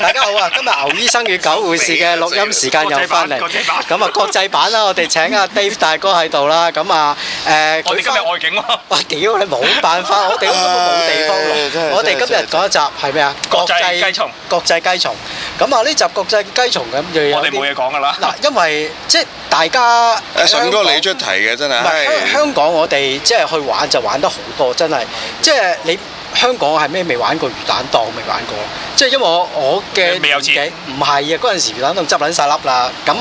大家好啊！今日牛醫生與狗護士嘅錄音時間又翻嚟，咁啊國際版啦，我哋請阿 Dave 大哥喺度啦，咁啊誒，我哋今日外景啊？我屌你冇辦法，我哋都冇地方錄。我哋今日講一集係咩啊？國際雞蟲，國際雞蟲。咁啊呢集國際雞蟲咁又有啲……我哋冇嘢講㗎啦。嗱，因為即係大家，阿順哥你出題嘅真係。香香港我哋即係去玩就玩得好多，真係即係你。香港係咩？未玩過魚蛋檔，未玩過，即係因為我我嘅未有自己唔係啊！嗰陣時魚蛋檔執捻晒笠啦。咁誒，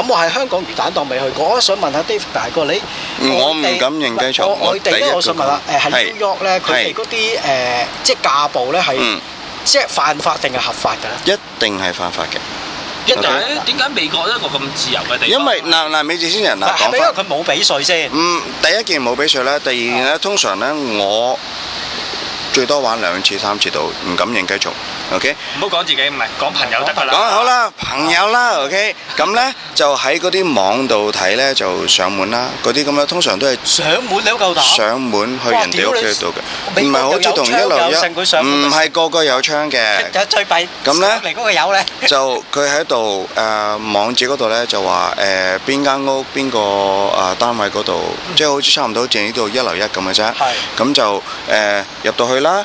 咁我係香港魚蛋檔未去過。我想問下 David 大哥你，我唔敢認雞場。我哋咧，我想問啦，誒喺紐約咧，佢哋嗰啲誒，即係架步咧，係即係犯法定係合法噶咧？一定係犯法嘅。一定係點解美國一個咁自由嘅地方？因為嗱嗱，美籍先人嗱講法，佢冇俾稅先。嗯，第一件冇俾稅啦，第二咧通常咧我。最多玩兩次、三次到，唔敢認繼續。OK，唔好講自己，唔係講朋友得㗎啦。講好啦，朋友啦，OK。咁咧就喺嗰啲網度睇咧，就上門啦。嗰啲咁樣通常都係上門你夠膽，上門去人哋屋企度嘅，唔係好似同一樓一，唔係個個有窗嘅。有最弊咁咧，嚟嗰個友咧，就佢喺度誒網址嗰度咧就話誒邊間屋邊個啊單位嗰度，即係好似差唔多正喺度一樓一咁嘅啫。係咁就誒入到去啦。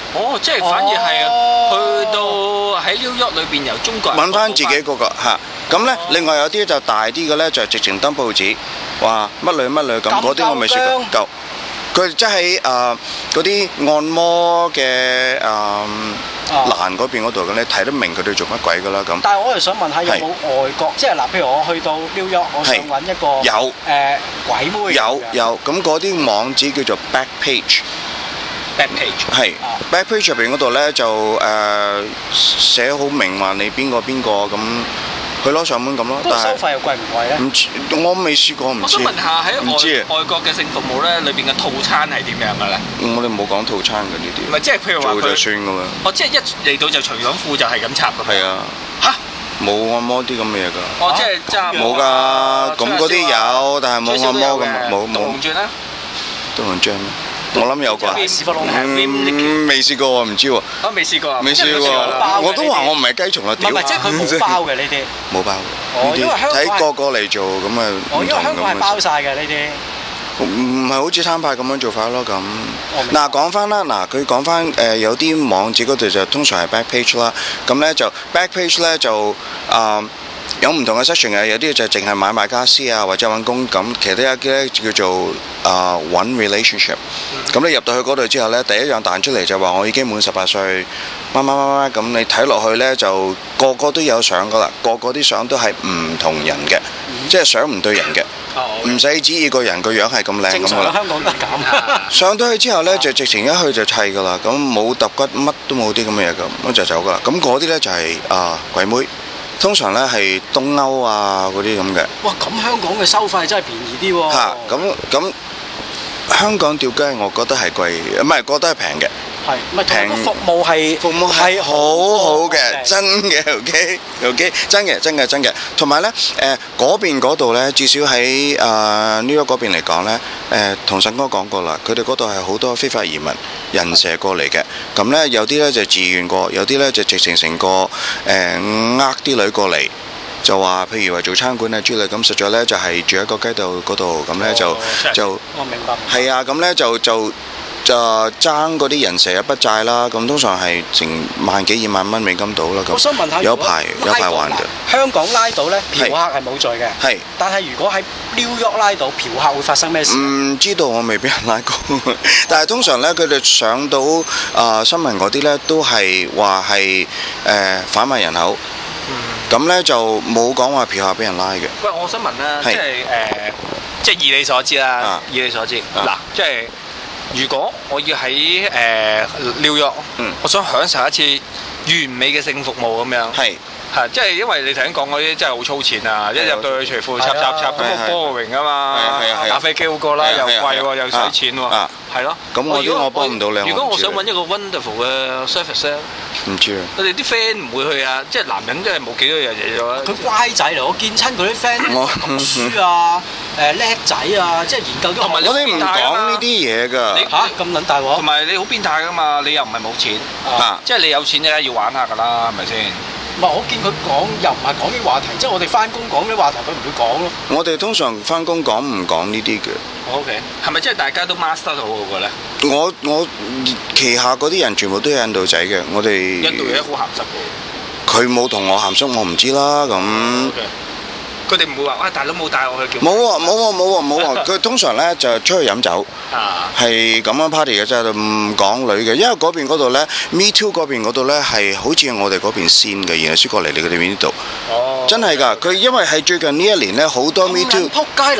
哦，即係反而係，去到喺 New York 裏邊由中國人揾翻自己嗰個吓，咁咧另外有啲就大啲嘅咧就直情登報紙，話乜女乜女咁，嗰啲我未說過。佢即係誒嗰啲按摩嘅誒欄嗰邊嗰度咁，你睇得明佢哋做乜鬼噶啦咁。但係我又想問下有冇外國，即係嗱，譬如我去到 New York，我想揾一個，有誒鬼妹，有有咁嗰啲網址叫做 Back Page。back page 係 back page 入邊嗰度咧就誒寫好明話你邊個邊個咁，佢攞上門咁咯。但係收費又貴唔貴咧？唔知我未試過唔知。唔知啊！問下喺外國嘅性服務咧，裏邊嘅套餐係點樣嘅咧？我哋冇講套餐嘅呢啲。唔係即係譬如話，做就算嘅嘛。哦，即係一嚟到就除咗褲就係咁插嘅。係啊！嚇，冇按摩啲咁嘅嘢㗎。哦，即係即係冇㗎。咁嗰啲有，但係冇按摩咁冇冇。紅鑽啊！都紅鑽。我諗有啩，嗯，未試過喎，唔知喎，我未試過，未試過，我都話我唔係雞蟲啦，唔係，唔係，即係佢冇包嘅呢啲，冇包，哦，因為香港睇個個嚟做，咁啊，哦，因為香港係包晒嘅呢啲，唔唔係好似餐牌咁樣做法咯，咁嗱講翻啦，嗱佢講翻誒有啲網址嗰度就通常係 back page 啦，咁咧就 back page 咧就啊。有唔同嘅 session 嘅，有啲就淨係買賣傢俬啊，或者揾工咁。其實有一啲咧叫做啊揾 relationship。咁你入到去嗰度之後咧，第一樣彈出嚟就話我已經滿十八歲。乜乜乜乜咁，你睇落去咧就個個都有相噶啦，個個啲相都係唔同人嘅，即係相唔對人嘅。唔使指意個人個樣係咁靚咁樣。正常香港都咁。上到去之後咧，就直情一去就砌噶啦，咁冇揼骨，乜都冇啲咁嘅嘢咁，我就走噶啦。咁嗰啲咧就係啊鬼妹。通常呢係東歐啊嗰啲咁嘅。哇，咁香港嘅收費真係便宜啲喎。嚇，咁咁香港釣雞，我覺得係貴，唔係覺得係平嘅。係，唔係平。服務係服務係好好嘅，真嘅，OK，OK，真嘅，真嘅，真嘅。同埋呢，誒嗰邊嗰度呢，至少喺誒紐約嗰邊嚟講呢，誒同陳哥講過啦，佢哋嗰度係好多非法移民人蛇過嚟嘅。咁咧有啲咧就自願過，有啲咧就直情成個呃啲女過嚟，就話譬如話做餐館啊之類，咁實在咧就係、是、住喺個街道嗰度，咁咧、哦、就是就係啊，咁咧就就。就就爭嗰啲人成日不債啦，咁通常係成萬幾二萬蚊美金到啦。咁有排有排玩嘅。香港拉到咧，嫖客係冇罪嘅。係。但係如果喺紐約拉到，嫖客會發生咩事？唔知道，我未俾人拉過。但係通常咧，佢哋上到啊新聞嗰啲咧，都係話係誒販賣人口。嗯。咁咧就冇講話嫖客俾人拉嘅。喂，我想問啦，即係誒，即係以你所知啦，以你所知嗱，即係。如果我要喺誒、呃、紐約，嗯，我想享受一次完美嘅性服務，咁樣，係。即係因為你頭先講嗰啲真係好粗淺啊！一入到去除褲插插插嗰個 boring 啊嘛，打飛機好過啦，又貴又使錢喎，係咯。咁如果我幫唔到你，如果我想揾一個 wonderful 嘅 service 唔知啊。我哋啲 friend 唔會去啊，即係男人真係冇幾多嘢嘢。佢乖仔嚟，我見親佢啲 friend 讀書啊，誒叻仔啊，即係研究啲同埋有啲唔講呢啲嘢㗎。嚇咁撚大鑊！同埋你好變態㗎嘛？你又唔係冇錢，即係你有錢嘅要玩下㗎啦，係咪先？唔係，我見佢講又唔係講啲話題，即係我哋翻工講啲話題，佢唔會講咯。我哋通常翻工講唔講呢啲嘅？OK，係咪即係大家都 master 好嘅咧？我我旗下嗰啲人全部都係印度仔嘅，我哋印度仔好鹹濕嘅。佢冇同我鹹濕，我唔知啦咁。佢哋唔會話，哇！大佬冇帶我去叫，冇喎，冇喎，冇喎，冇喎。佢通常咧就出去飲酒，係咁樣 party 嘅啫，唔講女嘅。因為嗰邊嗰度咧，Me Too 嗰邊嗰度咧係好似我哋嗰邊先嘅，然後輸過嚟你哋邊呢度。哦，真係㗎，佢因為係最近呢一年咧，好多 Me Too，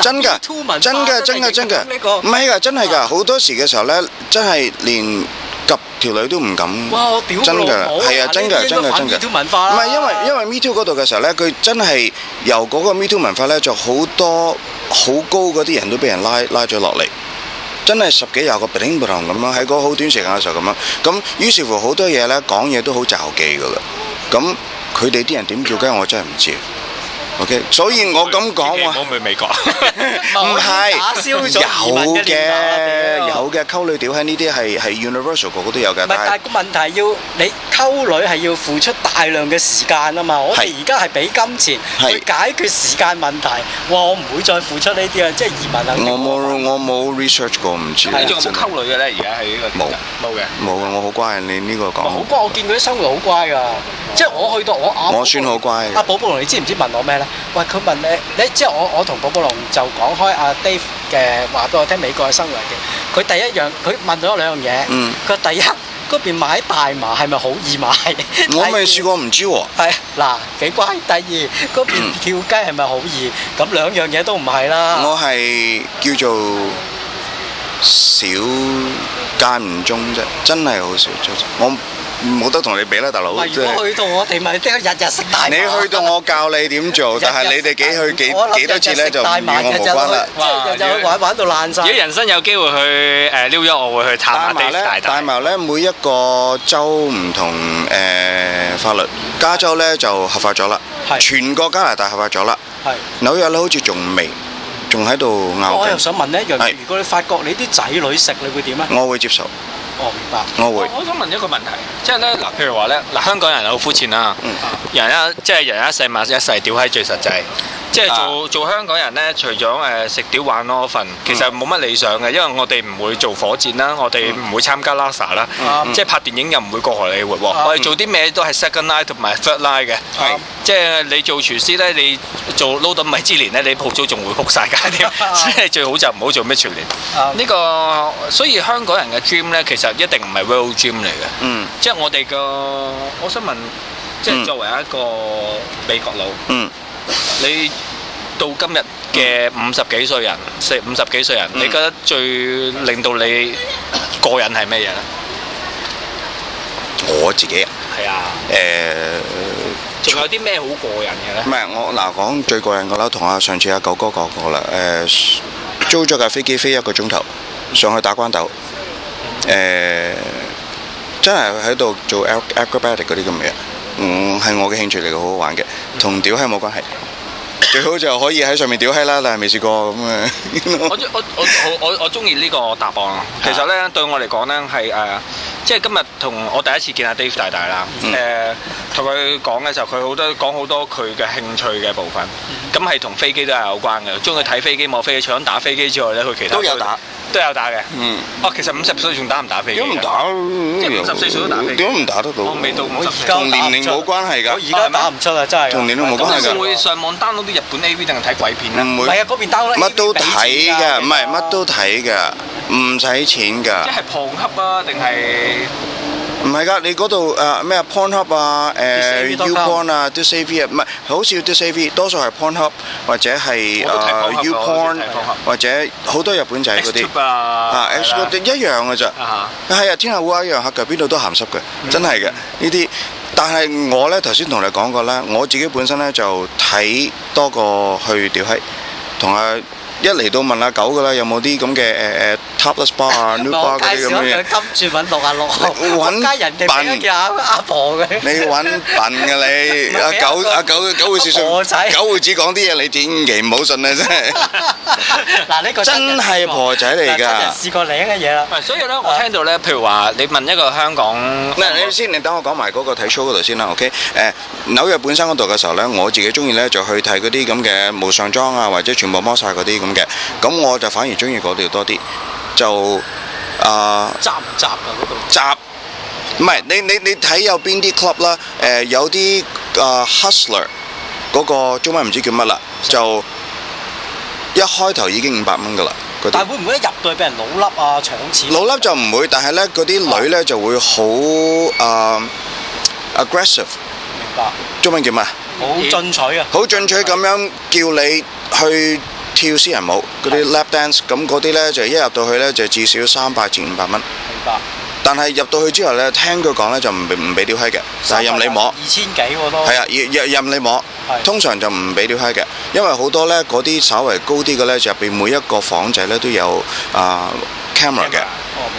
真㗎，真㗎，真㗎，真㗎，唔係㗎，真係㗎，好多時嘅時候咧，真係連。及條女都唔敢，真噶的，係啊，真噶，真噶，真噶。唔係，因為因為 MeToo 嗰度嘅時候咧，佢真係由嗰個 MeToo 文化咧，就好多好高嗰啲人都俾人拉拉咗落嚟，真係十幾廿個 b i n l i n g 咁樣，喺個好短時間嘅時候咁樣。咁於是乎好多嘢咧，講嘢都好驟忌噶啦。咁佢哋啲人點做？跟我真係唔知。所以我咁講喎，唔好去美國，唔係打消咗。有嘅，有嘅，溝女屌閪呢啲係係 universal，個個都有嘅。唔係，但係個問題要你溝女係要付出大量嘅時間啊嘛。我哋而家係俾金錢去解決時間問題。哇！我唔會再付出呢啲啊，即係移民啊。我冇，我冇 research 過，唔知。係做咁溝女嘅咧？而家係呢個冇冇嘅，冇嘅。我好乖，你呢個講好乖。我見佢啲生活好乖㗎，即係我去到我我算好乖嘅。阿，寶寶，你知唔知問我咩咧？喂，佢問你，你即係我，我同寶寶龍就講開阿 Dave 嘅話俾我聽，美國嘅生活嘅。佢第一樣，佢問咗兩樣嘢。嗯。佢第一嗰邊買大麻係咪好易買？我未試過，唔知喎。係。嗱，幾乖。第二嗰邊跳雞係咪好易？咁兩樣嘢都唔係啦。我係叫做少間唔中啫，真係好少中。我。冇得同你比啦，大佬。如果去到我哋，咪即係日日食大麻。你去到我教你點做，但係你哋幾去幾幾多次咧，就與我冇關啦。即係日日玩玩到爛曬。如果人生有機會去誒紐約，我會去探下加拿大。大麻咧，大麻咧，每一個州唔同誒法律，加州咧就合法咗啦。係。全國加拿大合法咗啦。係。紐約咧，好似仲未，仲喺度拗。我又想問一樣嘢，如果你發覺你啲仔女食，你會點啊？我會接受。我明白，我會我。我想問一個問題，即係咧，嗱，譬如話咧，嗱，香港人好膚淺啦，嗯、人一即係、就是、人一世物一世屌閪最實際。即係做做香港人咧，除咗誒食屌玩嗰份，其實冇乜理想嘅，因為我哋唔會做火箭啦，我哋唔會參加 Laser 啦，即係拍電影又唔會過荷里活。我哋做啲咩都係 second line 同埋 third line 嘅，即係你做廚師咧，你做攞到米芝蓮咧，你鋪租仲會仆曬街添，即係最好就唔好做咩廚連。呢個所以香港人嘅 dream 咧，其實一定唔係 world dream 嚟嘅。嗯，即係我哋個，我想問，即係作為一個美國佬。嗯。你到今日嘅五十幾歲人，四五十幾歲人，你覺得最令到你過癮係咩嘢咧？我自己啊係啊，誒、呃，仲有啲咩好過癮嘅咧？唔係我嗱講最過癮嘅啦，同阿上次阿九哥講過啦，誒、呃，租咗架飛機飛一個鐘頭上去打關斗，誒、呃，真係喺度做 al aerobatic 嘅嗰啲咁嘅。嗯，係我嘅興趣嚟嘅，好好玩嘅，同屌閪冇關係，最好就可以喺上面屌閪啦，但係未試過咁嘅。我我我我我中意呢個答案，其實呢，Yeah. 對我嚟講呢，係誒。呃即係今日同我第一次見阿 Dave 大大啦，誒同佢講嘅時候，佢好多講好多佢嘅興趣嘅部分，咁係同飛機都係有關嘅，中意睇飛機，莫非除咗打飛機之外咧，佢其他都有打，都有打嘅。嗯。哦，其實五十歲仲打唔打飛機？點唔打？即係五十四歲都打。都唔打得到。未到五十。同年齡冇關係㗎。而家打唔出啦，真係。同年齡冇關係㗎。會上網 down 嗰啲日本 AV 定係睇鬼片咧？唔會。係啊，嗰邊 down 嗰乜都睇㗎，唔係乜都睇㗎。唔使錢㗎！即係 Pornhub 啊？定係唔係㗎？你嗰度誒咩啊？Pornhub 啊？誒 Uporn 啊？都 CP 啊？唔係，好少都 CP，多數係 Pornhub 或者係誒 Uporn 或者好多日本仔嗰啲啊！啊，嗰啲一樣嘅啫。啊嚇！係啊，天下烏鴉一樣黑㗎，邊度都鹹濕㗎，真係嘅呢啲。但係我咧頭先同你講過啦，我自己本身咧就睇多過去屌閪同阿。一嚟到問阿狗噶啦，有冇啲咁嘅誒誒 Topless bar 啊、New bar 嗰啲咁嘅？我介紹一場金鑽品落下落，揾家人哋問一下阿婆嘅。你揾笨噶你，阿狗阿狗狗會説信，狗會只講啲嘢，你千祈唔好信啊！真係，嗱呢個真係婆仔嚟㗎。試過另一個嘢啦。咪所以咧，我聽到咧，譬如話你問一個香港，嗱你先，你等我講埋嗰個體操嗰度先啦，OK？誒紐約本身嗰度嘅時候咧，我自己中意咧就去睇嗰啲咁嘅無上裝啊，或者全部剝曬嗰啲咁。嘅，咁我就反而中意嗰條多啲，就、呃、雜雜啊，雜唔雜啊？嗰度雜，唔係你你你睇有邊啲 club 啦？誒，有啲啊、呃、Hustler 嗰、嗰個中文唔知叫乜啦，就一開頭已經五百蚊噶啦，但係會唔會一入到去俾人老笠啊？搶錢？老笠就唔會，但係咧嗰啲女咧、啊、就會好誒 aggressive。呃、Agg 明白。中文叫乜啊？好、嗯、進取啊！好進取咁樣叫你去。跳私人舞嗰啲 lap dance 咁嗰啲呢就一入到去呢就至少三百至五百蚊。明白。但係入到去之後呢，聽佢講呢就唔唔俾屌閪嘅，但係任你摸。二千幾喎都。係啊，任任任你摸，通常就唔俾屌閪嘅，因為好多呢嗰啲稍為高啲嘅呢，入邊每一個房仔呢都有啊 camera 嘅，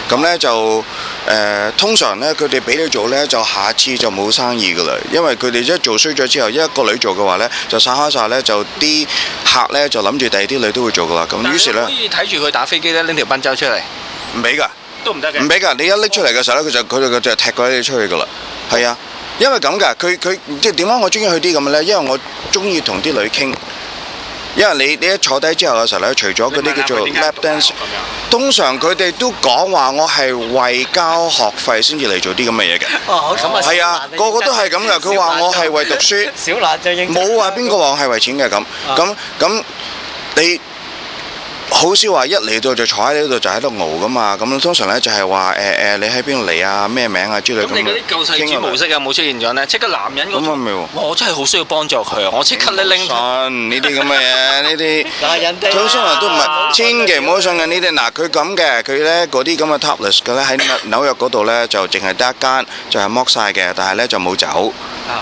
咁呢就。誒、呃、通常咧，佢哋俾你做咧，就下次就冇生意噶啦，因為佢哋一做衰咗之後，一個女做嘅話咧，就散開晒咧，就啲客咧就諗住第二啲女都會做噶啦，咁於是咧，睇住佢打飛機咧，拎條賓州出嚟，唔俾噶，都唔得嘅，唔俾噶，你一拎出嚟嘅時候咧，佢就佢就，就踢鬼你出去噶啦，係啊，因為咁噶，佢佢即係點解我中意去啲咁嘅咧，因為我中意同啲女傾。因為你你一坐低之後嘅時候咧，除咗嗰啲叫做 lap dance，問問通常佢哋都講話我係為交學費先至嚟做啲咁嘅嘢嘅。 哦，啊，係啊，啊你 個個都係咁嘅。佢話我係為讀書，小辣椒應冇話邊個話我係為錢嘅咁咁咁你。好少話一嚟到就坐喺呢度就喺度熬㗎嘛，咁通常咧就係話誒誒你喺邊度嚟啊？咩名啊之類咁。咁你嗰啲救世主模式啊，冇出現咗咧？即刻男人咁啊！咪喎，我真係好需要幫助佢，我即刻咧拎信呢啲咁嘅嘢，呢啲。男人啲。退休生活都唔係，千祈唔好信嘅呢啲。嗱，佢咁嘅，佢咧嗰啲咁嘅 Topless 嘅咧喺紐約嗰度咧就淨係得一間，就係剝曬嘅，但係咧就冇走，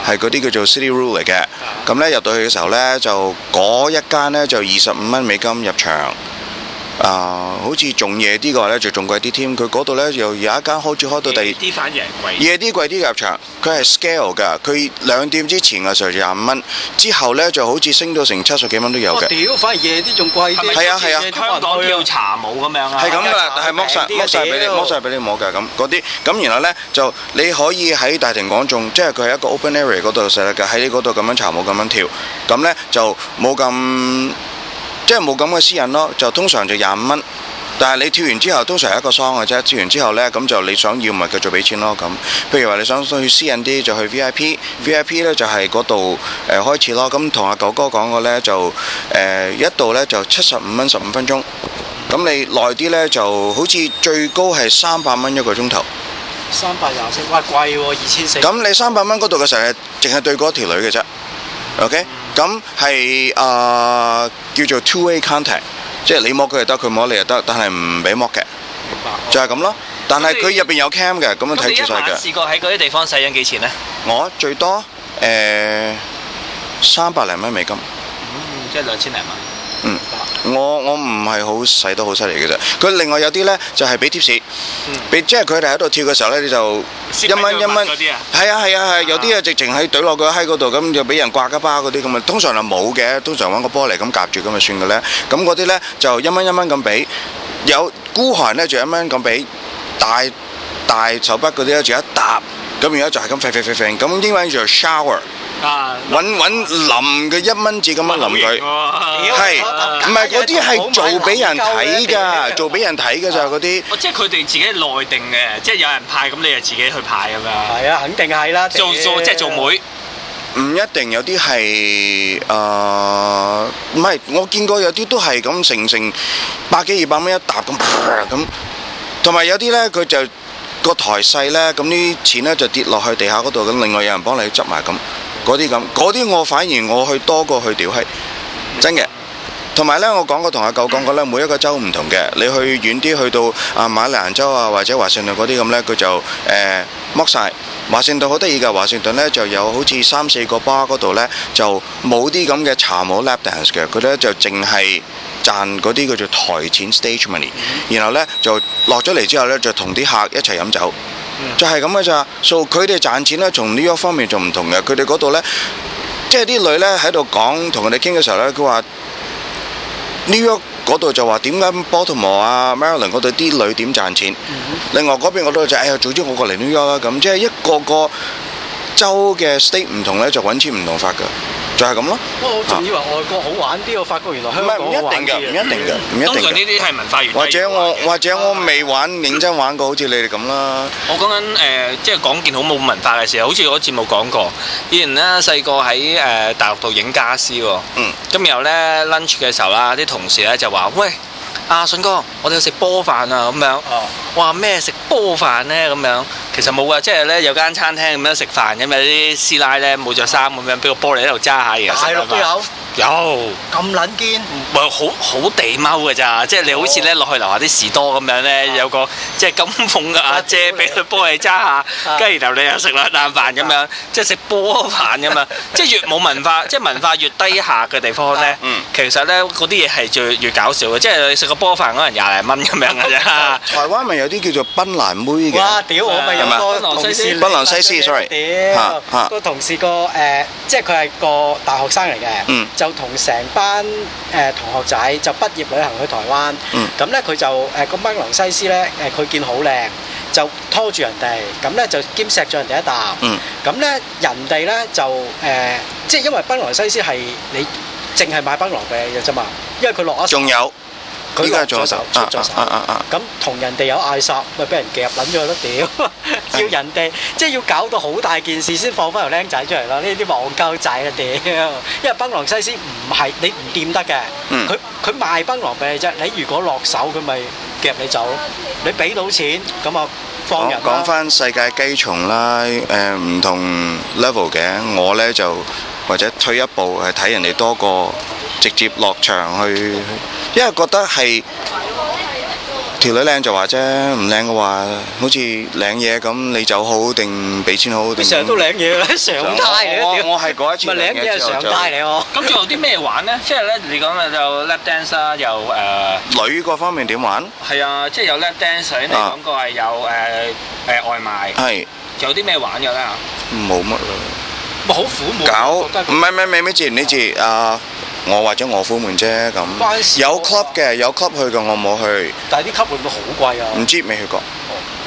係嗰啲叫做 City Roo 嚟嘅。咁咧入到去嘅時候咧就嗰一間咧就二十五蚊美金入場。啊、呃，好似仲夜啲嘅話咧，就仲貴啲添。佢嗰度咧又有一間，好似開到第二夜啲反而貴。夜啲貴啲入場，佢係 scale 㗎。佢兩點之前嘅時候，就廿五蚊，之後咧就好似升到成七十幾蚊都有嘅、哦啊。反而夜啲仲貴啲。係啊係啊，啊啊香港要茶舞咁樣、啊。係咁噶啦，但係剝曬，剝曬俾你，剝曬俾你摸㗎咁嗰啲。咁然後咧就你可以喺大庭廣眾，即係佢係一個 open area 嗰度食啦。噶喺嗰度咁樣茶舞，咁樣跳。咁咧就冇咁。即係冇咁嘅私隱咯，就通常就廿五蚊，但係你跳完之後通常係一個桑嘅啫，跳完之後呢，咁就你想要咪繼續俾錢咯咁。譬如話你想去私隱啲就去 VIP，VIP 呢就係嗰度誒開始咯。咁同阿九哥講過呢，就誒一度呢就七十五蚊十五分鐘，咁你耐啲呢，就好似最高係三百蚊一個鐘頭。三百廿四哇貴喎，二千四。咁你三百蚊嗰度嘅時候淨係對嗰一條女嘅啫，OK。咁係啊，叫做 two-way contact，即係你摸佢又得，佢摸你又得，但係唔俾摸嘅。明白，就係咁咯。但係佢入邊有 cam 嘅，咁就睇住曬嘅。嗰啲你試過喺嗰啲地方使咗幾錢呢？我最多誒三百零蚊美金，嗯，即係兩千零蚊，嗯。我我唔係好使得好犀利嘅啫。佢另外有啲咧就係俾貼士，俾、嗯、即係佢哋喺度跳嘅時候咧，你就一蚊一蚊，係啊係啊係，啊啊啊有啲啊直情喺懟落佢喺嗰度，咁就俾人刮一巴嗰啲咁啊，通常就冇嘅，通常揾個玻璃咁夾住咁就算嘅咧，咁嗰啲咧就一蚊一蚊咁俾，有孤寒咧就一蚊咁俾，大大手筆嗰啲咧就一沓，咁然後就係咁咁英文就 shower。揾揾淋嘅一蚊紙咁樣淋佢，係唔係嗰啲係做俾人睇噶？做俾人睇㗎咋嗰啲。哦，即係佢哋自己內定嘅，即係有人派，咁你就自己去派咁啊？係啊，肯定係啦。做做即係做妹，唔一定有啲係誒，唔係我見過有啲都係咁成成百幾二百蚊一沓咁，咁同埋有啲咧，佢就個台細咧，咁啲錢咧就跌落去地下嗰度，咁另外有人幫你執埋咁。嗰啲咁，嗰啲我反而我去多過去屌閪，真嘅。同埋呢，我講過同阿舅講過呢，每一個州唔同嘅，你去遠啲，去到啊馬里蘭州啊或者華盛頓嗰啲咁呢，佢就誒剝曬，華盛頓好得意㗎。華盛頓呢，就有好似三四個巴嗰度呢，就冇啲咁嘅茶冇 lap dance 嘅，佢呢，就淨係賺嗰啲叫做台錢 stage money，然後呢，就落咗嚟之後呢，就同啲客一齊飲酒。就係咁嘅咋，所以佢哋賺錢咧，從 New York 方面就唔同嘅，佢哋嗰度咧，即係啲女咧喺度講，同佢哋傾嘅時候咧，佢話 New York 嗰度就話點解 Baltimore 啊、Maryland 嗰度啲女點賺錢，嗯、哼另外嗰邊嗰度就誒、哎，早知我過嚟 New York 啦，咁即係一個個州嘅 state 唔同咧，就搵錢唔同法㗎。就係咁咯。我仲以為外國好玩啲，啊、我發覺原來香港唔一定嘅，唔一,一定嘅，唔一定當然呢啲係文化原因。或者我，或者我未玩，啊、認真玩過，好似、嗯、你哋咁啦。我講緊誒，即係講件好冇文化嘅事，好似我節目冇講過。以前咧細個喺誒大陸度影家私喎。嗯。咁然後咧 lunch 嘅時候啦，啲同事咧就話：喂，阿、啊、信哥，我哋去食波飯啊咁樣。哦、嗯。哇！咩食波飯咧咁樣？其實冇啊，即係咧有間餐廳咁樣食飯，咁有啲師奶咧冇着衫咁樣俾個玻璃喺度揸下而食飯。大碌豬有咁撚堅？唔係好好地踎㗎咋，即係你好似咧落去樓下啲士多咁樣咧，有個即係金鳳嘅阿姐俾個玻璃揸下，跟住然後你又食粒啖飯咁樣，即係食波飯咁樣，即係越冇文化，即係文化越低下嘅地方咧，其實咧嗰啲嘢係最越搞笑嘅，即係食個波飯可能廿零蚊咁樣㗎啫。台灣咪有啲叫做檳榔妹嘅。哇，屌我咪。個同事，檳榔西施，sorry，個同事個誒，即係佢係個大學生嚟嘅，就同成班誒同學仔就畢業旅行去台灣，咁咧佢就誒個檳榔西施咧誒，佢見好靚，就拖住人哋，咁咧就兼錫咗人哋一啖，咁咧人哋咧就誒，即係因為檳榔西施係你淨係買檳榔嘅嘢啫嘛，因為佢落咗。仲有。佢又做手，啊啊啊！咁同人哋有嗌霎，咪俾人夾，諗咗咯屌！要人哋即係要搞到好大件事先放翻條僆仔出嚟咯，呢啲忘舊仔啊屌！因為檳榔西施唔係你唔掂得嘅，佢佢賣檳榔俾你啫。你如果落手，佢咪夾你走咯。你俾到錢，咁啊放人。講翻世界雞蟲啦，誒唔同 level 嘅，我咧就或者退一步係睇人哋多過。直接落場去，因為覺得係條女靚就話啫，唔靚嘅話，好似領嘢咁，你走好定俾錢好？你成日都領嘢，上街嚟啊！我我係嗰一次。唔係領嘢係上街嚟哦。咁仲有啲咩玩咧？即係咧，你講啊，就 lap dance 啦，又誒。女嗰方面點玩？係啊，即係有 lap dance，你講過係有誒誒外賣。係。有啲咩玩嘅咧？冇乜啦。咪好苦冇。搞唔係唔係唔係唔係，姐你姐啊。我或者我虎門啫咁，有 club 嘅有 club 去嘅我冇去。但係啲 club 會唔會好貴啊？唔知未去過。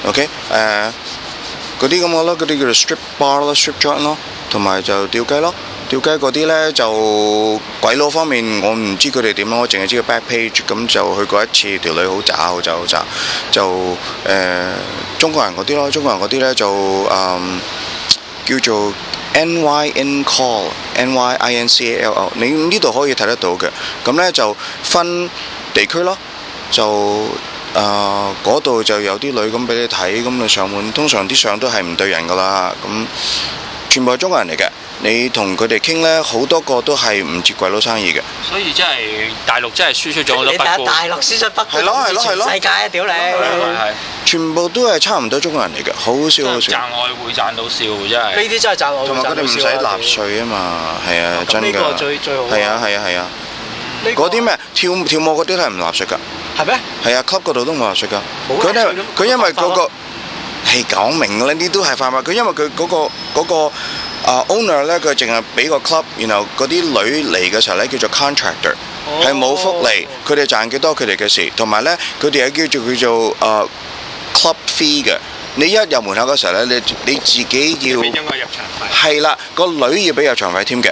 OK，誒，嗰啲咁嘅咯，嗰啲叫做 strip bar 咯，strip joint 咯，同埋就吊雞咯，吊雞嗰啲咧就鬼佬方面我唔知佢哋點咯，我淨係知個 back page 咁就去過一次，條女好渣好渣好渣，就誒中國人嗰啲咯，中國人嗰啲咧就誒。叫做 N Y N Call N Y I N C L O，你呢度可以睇得到嘅。咁咧就分地區咯，就啊嗰度就有啲女咁俾你睇，咁你上門通常啲相都係唔對人噶啦，咁全部係中國人嚟嘅。你同佢哋傾咧，好多個都係唔接鬼佬生意嘅。所以真係大陸真係輸出咗好多，你睇下大陸輸出北姑之前，世界屌你，全部都係差唔多中國人嚟嘅，好笑好笑。賺外匯賺到笑真係。呢啲真係賺外匯。同埋佢哋唔使納稅啊嘛，係啊，真㗎。最最好。係啊係啊係啊。嗰啲咩跳跳舞嗰啲係唔納稅㗎？係咩？係啊，club 嗰度都唔納稅㗎。佢佢因為嗰個係講明啦，呢啲都係犯法。佢因為佢嗰個嗰個。啊、uh，owner 咧，佢淨係俾個 club，然後嗰啲女嚟嘅時候咧，叫做 contractor，係冇、oh，福利，佢哋賺幾多佢哋嘅事，同埋咧，佢哋係叫做叫做啊 club fee 嘅，你一入門口嘅時候咧，你你自己要，係啦，個女要俾入場費添嘅。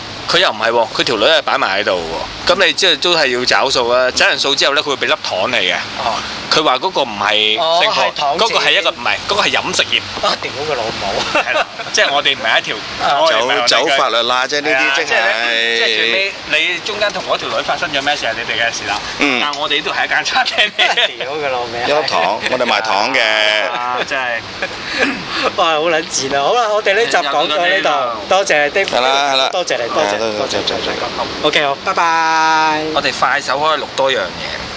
佢又唔係喎，佢條女係擺埋喺度喎，咁你即係都係要找數啊？找完數之後咧，佢會俾粒糖你嘅。哦，佢話嗰個唔係，哦係糖，嗰個係一個唔係，嗰、嗰個係飲食業。一定、啊、好嘅老母。係啦。即係我哋唔係一條走走法律罅，即係呢啲即係最尾，你中間同嗰條女發生咗咩事係你哋嘅事啦。嗯，但係我哋呢度係一間餐廳，屌嘅路名。有糖，我哋賣糖嘅。啊，真係，哇，好卵賤啊！好啦，我哋呢集講到呢度，多謝 David，多謝你，多謝多謝多謝，好。OK，好，拜拜。我哋快手可以錄多樣嘢。